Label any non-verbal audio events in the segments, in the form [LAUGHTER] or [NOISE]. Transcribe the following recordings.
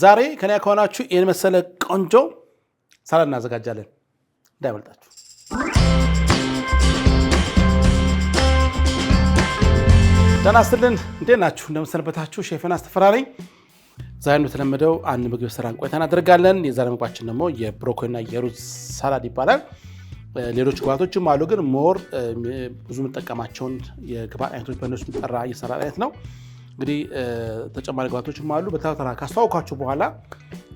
ዛሬ ከኔ ከሆናችሁ ይህን መሰለ ቆንጆ ሰላድ እናዘጋጃለን፣ እንዳይመልጣችሁ። ጤና እንዴ ናችሁ? እንደምሰነበታችሁ? ሼፍ አስተፈራሪ ዛሬ እንደተለመደው አንድ ምግብ ስራን ቆይታ እናደርጋለን። የዛሬ ምግባችን ደግሞ የብሮኮሊና የሩዝ ሰላድ ይባላል። ሌሎች ግባቶችም አሉ፣ ግን ሞር ብዙ የምንጠቀማቸውን የግባት አይነቶች በእነሱ የሚጠራ የሰላድ አይነት ነው። እንግዲህ ተጨማሪ ግባቶችም አሉ። በተራ ካስተዋወኳችሁ በኋላ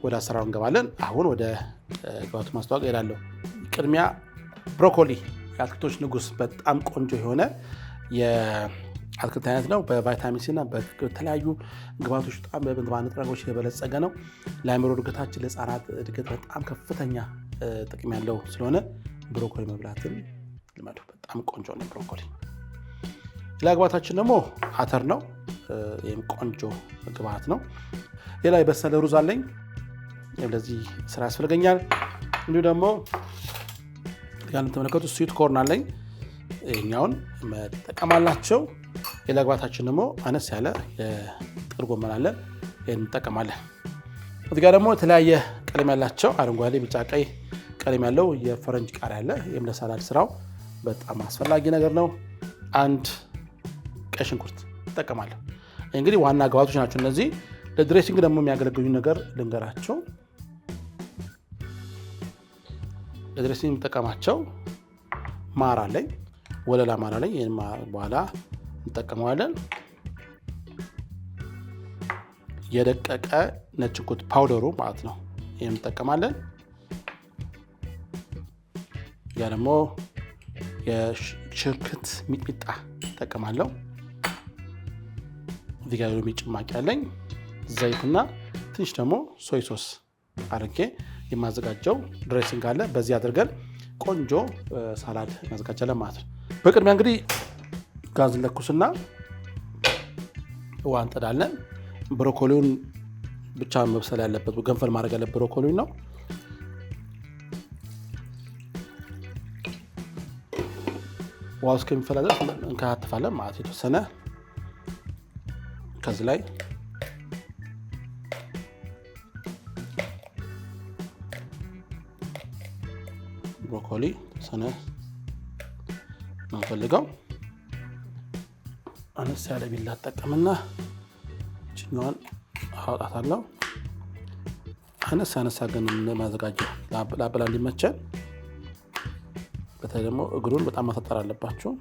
ወደ አሰራሩ እንገባለን። አሁን ወደ ግባቱ ማስተዋወቅ እሄዳለሁ። ቅድሚያ ብሮኮሊ፣ የአትክልቶች ንጉስ በጣም ቆንጆ የሆነ የአትክልት አይነት ነው። በቫይታሚን ሲ እና በተለያዩ ግባቶች በጣም በንጥረ ነገሮች የበለጸገ ነው። ለአእምሮ እድገታችን፣ ለህፃናት እድገት በጣም ከፍተኛ ጥቅም ያለው ስለሆነ ብሮኮሊ መብላትን ልመዱ። በጣም ቆንጆ ነው ብሮኮሊ። ሌላ ደግሞ አተር ነው። ይህም ቆንጆ ግብአት ነው። ሌላ የበሰለ ሩዝ አለኝ፣ ለዚህ ስራ ያስፈልገኛል። እንዲሁ ደግሞ ተመለከቱ ስዊት ኮርን አለኝ። ይህኛውን መጠቀማላቸው። ሌላ ግባታችን ደግሞ አነስ ያለ የጥቅል ጎመን እንጠቀማለን። እዚህ ጋር ደግሞ የተለያየ ቀለም ያላቸው አረንጓዴ፣ ቢጫ፣ ቀይ ቀለም ያለው የፈረንጅ ቃሪያ ያለ ይህም ለሳላድ ስራው በጣም አስፈላጊ ነገር ነው። አንድ ቀይ ሽንኩርት እጠቀማለሁ። እንግዲህ ዋና ግባቶች ናቸው እነዚህ። ለድሬሲንግ ደግሞ የሚያገለግሉ ነገር ልንገራቸው። ለድሬሲንግ የምጠቀማቸው ማር አለኝ፣ ወለላ ማር አለኝ። ይህን በኋላ እንጠቀመዋለን። የደቀቀ ነጭ ፓውደሩ ማለት ነው። ይህ እንጠቀማለን። ያ ደግሞ የሽንኩርት ሚጥሚጣ እጠቀማለሁ። እዚህ ጋር ሎሚ ጭማቂ ያለኝ ዘይትና ትንሽ ደግሞ ሶይ ሶስ አድርጌ የማዘጋጀው ድሬሲንግ አለ። በዚህ አድርገን ቆንጆ ሳላድ እናዘጋጃለን ማለት ነው። በቅድሚያ እንግዲህ ጋዝ እንለኩስና ውሃ እንጠዳለን። ብሮኮሊውን ብቻ መብሰል ያለበት ገንፈል ማድረግ ያለ ብሮኮሊ ነው። ውሃ እስከሚፈላ ድረስ እንከታተፋለን ማለት የተወሰነ ከዚህ ላይ ብሮኮሊ ሰነ ምንፈልገው አነስ ያለ ቢላ ጠቀምና ችኛዋን አለው አነስ አነስ አድርገን የምናዘጋጀው ለአበላ እንዲመቸን። በተለይ ደግሞ እግሩን በጣም ማሳጠር አለባቸው።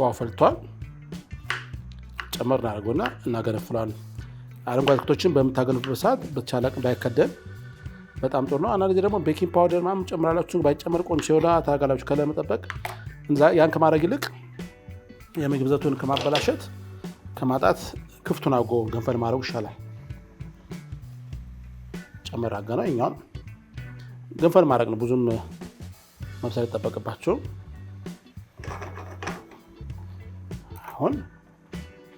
ውሃው ፈልቷል። ጨመር እናደርገውና እናገነፍለዋለን። አረንጓዴ አትክልቶችን በምታገነፉበት ሰዓት በተቻለ አቅም እንዳይከደን በጣም ጥሩ ነው። አንዳንድ ጊዜ ደግሞ ቤኪንግ ፓውደር ምናምን ጨምራላችሁ። ባይጨመር ቆንጆ ሲሆን ታጋላችሁ። ከለ መጠበቅ ያን ከማድረግ ይልቅ የምግብ ዘቱን ከማበላሸት ከማጣት ክፍቱን አጎ ገንፈል ማድረጉ ይሻላል። ጨመር አድርገን ነው እኛውን ገንፈል ማድረግ ነው። ብዙም መብሰል ይጠበቅባችሁም አሁን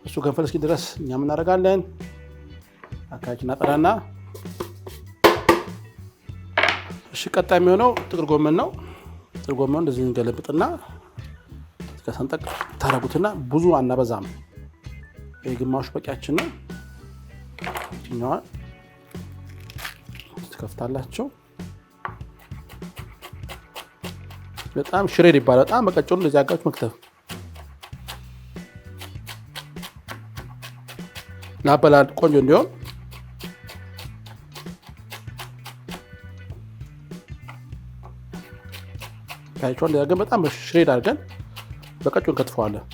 እሱ ገንፈል እስኪ ድረስ እኛ ምናደርጋለን? አካባቢችን አጠራና እሺ፣ ቀጣይ የሚሆነው ጥቅል ጎመን ነው። ጥቅል ጎመን እንደዚህ እንገለብጥና ከሰንጠቅ ታረጉትና ብዙ አናበዛም። ይህ የግማሹ በቂያችን ነው። ኛዋን ትከፍታላቸው። በጣም ሽሬድ ይባላል። በጣም በቀጭኑ እንደዚህ አጋች መክተፍ ለአበላል ቆንጆ እንዲሆን ታይቸውን ሊያደርገን በጣም ሽሬድ አድርገን በቀጩ እንከትፈዋለን።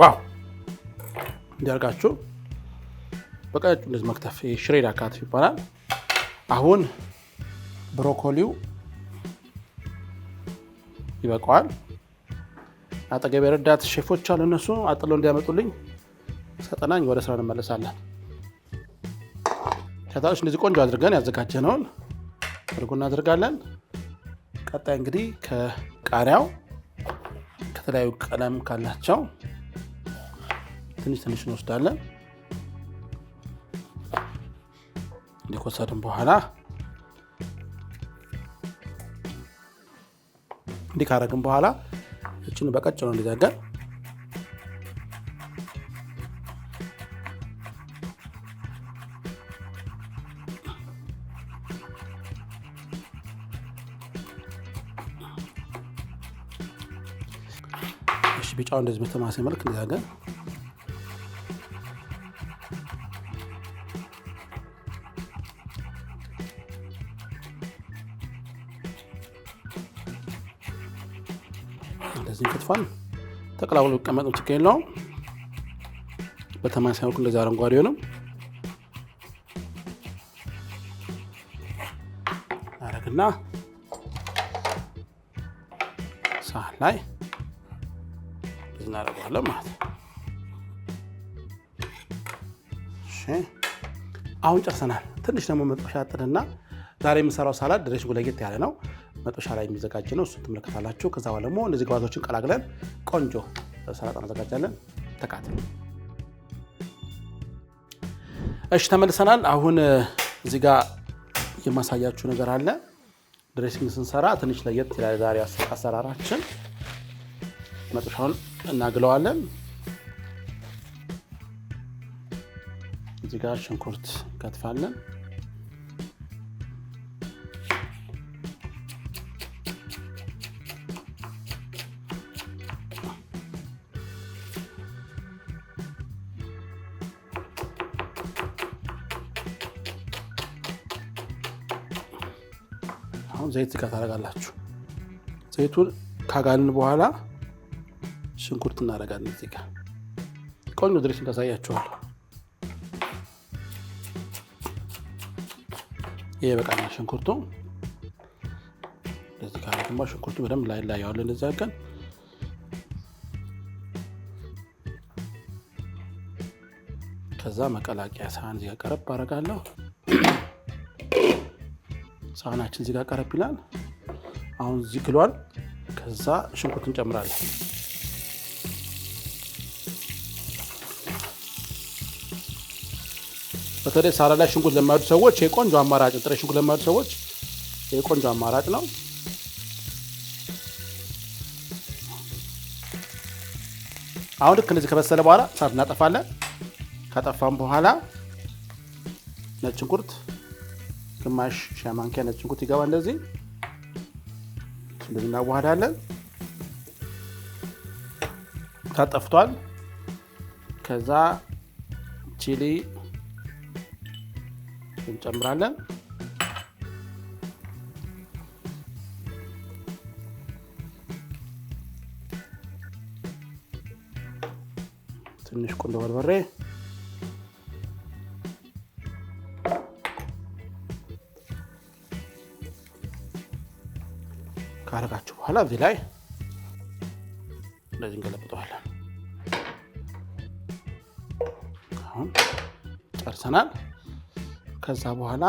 ዋው እንዲያርጋችሁ በቀጭ እንደዚህ መክተፍ ሽሬድ አካትፍ ይባላል። አሁን ብሮኮሊው ይበቀዋል አጠገብ የረዳት ሼፎች አሉ። እነሱ አጥለው እንዲያመጡልኝ ሰጠናኝ። ወደ ስራ እንመለሳለን። ከታች እንደዚህ ቆንጆ አድርገን ያዘጋጀነውን እርጎ እናደርጋለን። ቀጣይ እንግዲህ ከቃሪያው ከተለያዩ ቀለም ካላቸው ትንሽ ትንሽ እንወስዳለን። እንዲህ በኋላ እንዲህ ካረግን በኋላ እችን ነው እንዲዘገን ቢጫው እንደዚህ በተማሴ መልክ እንዲዘገን ተከትፏል። ተቀላቅሎ ነው። ችግር የለውም። በተማሳይ መልኩ እንደዚህ አረንጓዴ ሆነም አረግና ሳህን ላይ እናደርገዋለን ማለት ነው። አሁን ጨርሰናል። ትንሽ ደግሞ መጥበሻ ጥድና ዛሬ የምሰራው ሳላድ ድሬሲንጉ ጉለጌት ያለ ነው። መጥበሻ ላይ የሚዘጋጅ ነው። እሱ ትመለከታላችሁ። ከዛ በኋላ ደግሞ እነዚህ ግባቶችን ቀላቅለን ቆንጆ ሰላጣ እናዘጋጃለን። ተቃት እሺ፣ ተመልሰናል። አሁን እዚህ ጋ የማሳያችሁ ነገር አለ። ድሬሲንግ ስንሰራ ትንሽ ለየት ይላል ዛሬ አሰራራችን። መጦሻውን እናግለዋለን። እዚህ ጋር ሽንኩርት ከትፋለን። ዘይት ዝቃ ታደርጋላችሁ። ዘይቱን ካጋልን በኋላ ሽንኩርት እናደርጋለን። እዚህ ጋር ቆንጆ ድሬሲንግ ታሳያችኋል። ይህ በቃና ሽንኩርቱ እንደዚህ ካረግማ ሽንኩርቱ በደንብ ላይ ላይ ያዋለ እንደዚህ አድርገን ከዛ መቀላቂያ ሳህን ዚጋ ቀረብ አረጋለሁ ሳህናችን እዚህ ጋር ቀረብ ይላል። አሁን እዚህ ክሏል። ከዛ ሽንኩርት እንጨምራለን። በተለይ ሳራ ላይ ሽንኩርት ለማዱ ሰዎች የቆንጆ አማራጭ ጥሬ ሽንኩርት ለማዱ ሰዎች የቆንጆ አማራጭ ነው። አሁን ልክ እንደዚህ ከበሰለ በኋላ እሳት እናጠፋለን። ከጠፋም በኋላ ነጭ ሽንኩርት ግማሽ ሻማንኪያ ማንኪያ ነጭ ሽንኩርት ይገባ። እንደዚህ እንደዚህ እናዋህዳለን። ተጠፍቷል። ከዛ ቺሊ እንጨምራለን። ትንሽ ቁንዶ በርበሬ በኋላ እዚህ ላይ እንደዚህ እንገለብጠዋለን። አሁን ጨርሰናል። ከዛ በኋላ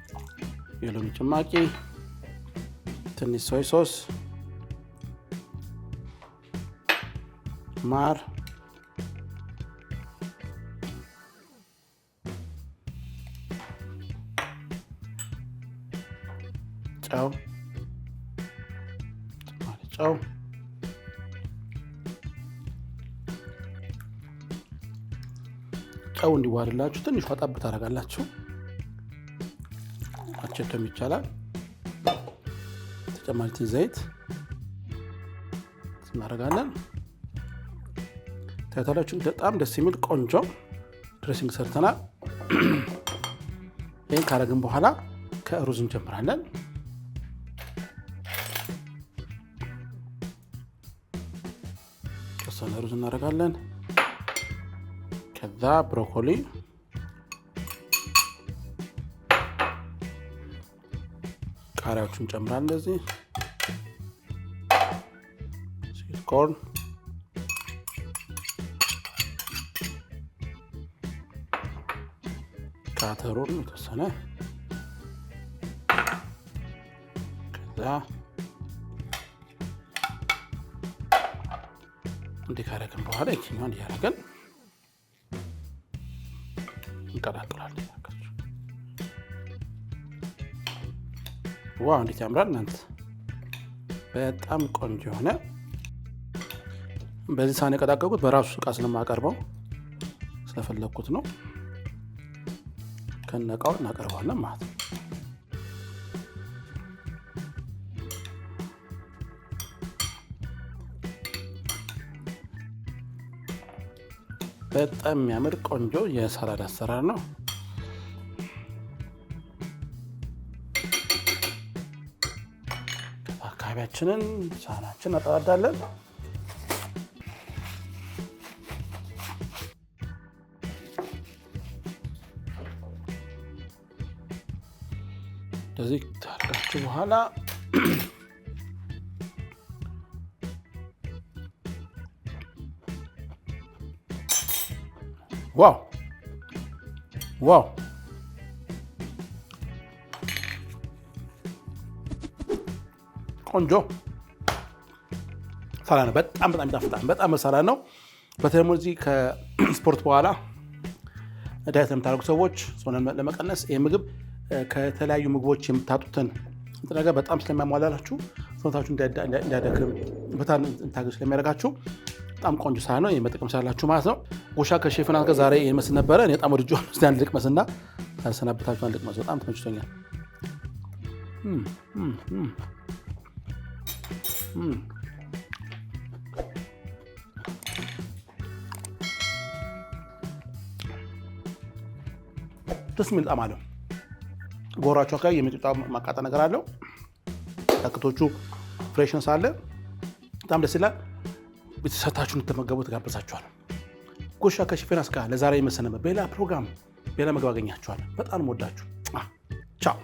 [CLEARS THROAT] የሎሚ ጭማቂ፣ ትንሽ ሶይ ሶስ፣ ማር Oh. ጨው እንዲዋህድላችሁ ትንሽ ጠብ ታደርጋላችሁ። አቸቶም ይቻላል። ተጨማሪ ዘይት እናደርጋለን። ታያታላችሁ። በጣም ደስ የሚል ቆንጆ ድሬሲንግ ሰርተናል። [CLEARS THROAT] ይህን ካረግን በኋላ ከሩዝ እንጀምራለን። ተመሳሳይ ሩዝ እናደርጋለን። ከዛ ብሮኮሊ፣ ቃሪያዎቹን ጨምራል። እንደዚህ ስዊት ኮርን፣ ካተሩን የተወሰነ ከዛ እንዲህ ካረግን በኋላ ይችኛውን እንዲያረግን እንቀላቅላል። ዋው እንዴት ያምራል እናንተ! በጣም ቆንጆ የሆነ በዚህ ሳህን የቀጣቀቁት በራሱ እቃ ስለማቀርበው ስለፈለግኩት ነው። ከነቃው እናቀርበዋለን ማለት ነው። በጣም የሚያምር ቆንጆ የሰላድ አሰራር ነው። አካባቢያችንን ሳህናችን አጠራዳለን። እንደዚህ ታርጋችሁ በኋላ ዋው ዋው! ቆንጆ ሰላድ ነው። በጣም በጣም ይጣፍጣል። በጣም መሰላድ ነው። በተለይ እዚህ ከስፖርት በኋላ ዳይት ለምታደርጉ ሰዎች ጾምን ለመቀነስ ይህ ምግብ ከተለያዩ ምግቦች የምታጡትን ንጥረ ነገር በጣም ስለሚያሟላላችሁ ሰውነታችሁ እንዳያደክም በታን እንታገ ስለሚያደርጋችሁ በጣም ቆንጆ ሳ ነው። መጠቀም ስላላችሁ ማለት ነው። ጎሻ ከሼፍ ጋር ዛሬ ይመስል ነበረ። እኔ በጣም ወድጄ ስ አንድ ልቅመስና ሳልሰናበታችሁ አንድ ልቅመስ። በጣም ተመችቶኛል። ደስ የሚል ጣዕም አለው። ጎራቸው አካባቢ የሚጥጣ ማቃጠል ነገር አለው። ተክቶቹ ፍሬሽነስ አለ። በጣም ደስ ይላል። ሰርታችሁ እንድትመገቡ ተጋብዛችኋል። ጎሻ ከሽፌን አስካ ለዛሬ የመሰነበ በሌላ ፕሮግራም ሌላ ምግብ አገኛችኋል። በጣም ወዳችሁ ቻው።